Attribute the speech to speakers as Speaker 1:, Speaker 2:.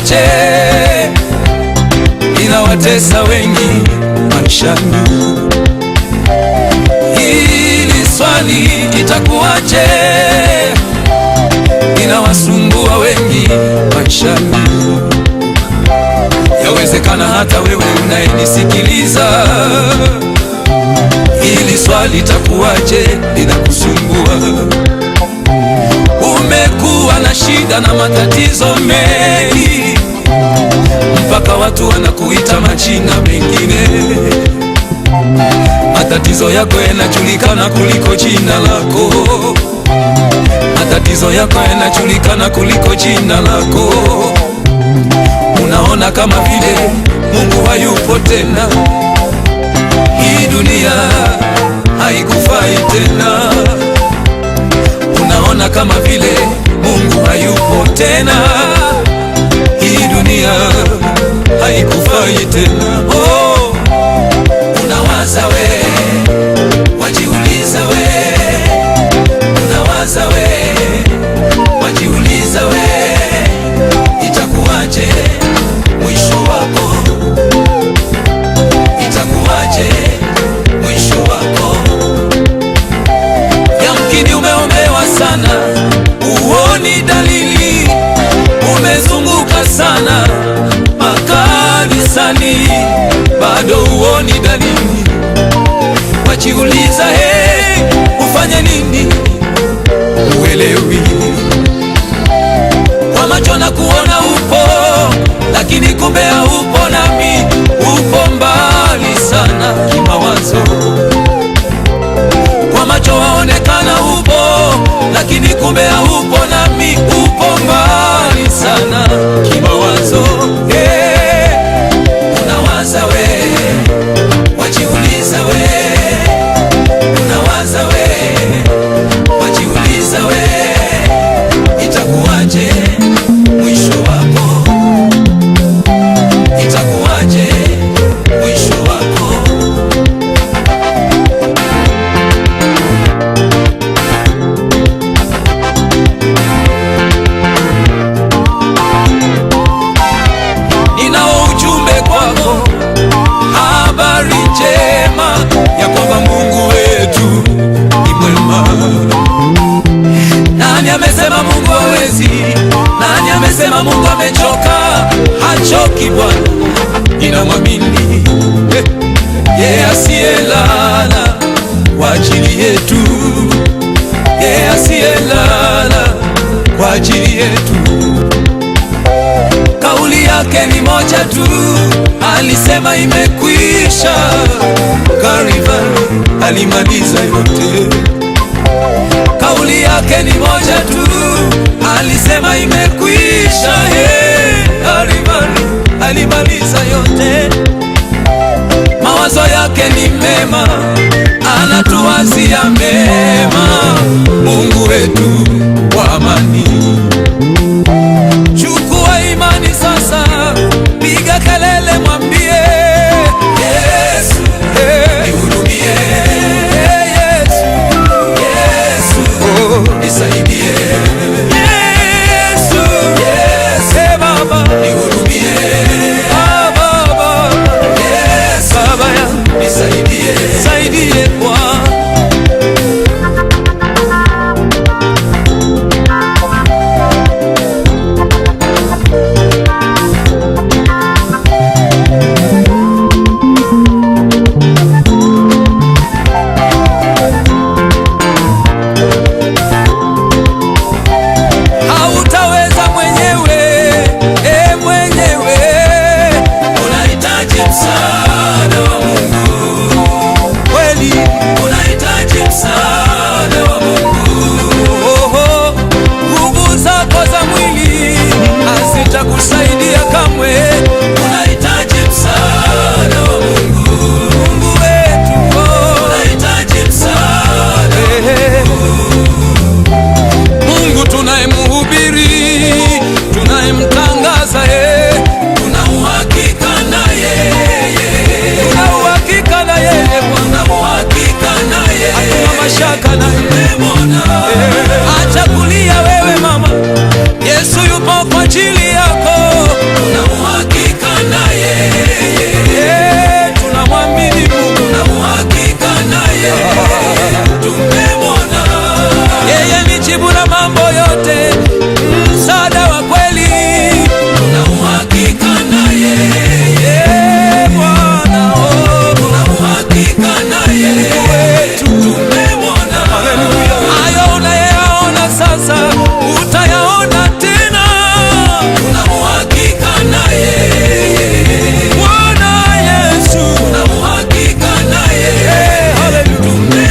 Speaker 1: michache watesa wengi maishani. Hili swali itakuwaje? wasumbua wengi maishani. Yawezekana hata wewe unayenisikiliza, hili swali itakuwaje linakusumbua umekuwa na shida na matatizo mengi mpaka watu wanakuita majina mengine. Matatizo yako yanajulikana kuliko jina lako, matatizo yako yanajulikana kuliko jina lako. Unaona kama vile Mungu hayupo tena, hii dunia haikufai tena. Unaona kama vile Mungu hayupo tena layıtın ni dalili, wajiuliza hey, ufanye nini? Uelewi kwa macho na kuona upo, lakini kumbe haupo, nami upo mbali sana kimawazo. Kwa macho waonekana upo, lakini kumbe haupo Sema Mungu amechoka, hachoki Bwana, ninamwamini yeye yeah, asiyelala kwa ajili yetu yeye yeah, asiyelala kwa ajili yetu. Kauli yake ni moja tu, alisema imekwisha. karibu alimaliza yote kauli yake ni moja tu, alisema imekwisha. Hey, alimaliza yote. Mawazo yake ni mema, anatuwazia mema. Mungu wetu wa amani, chukua imani sasa, piga kelele mwambie Adam.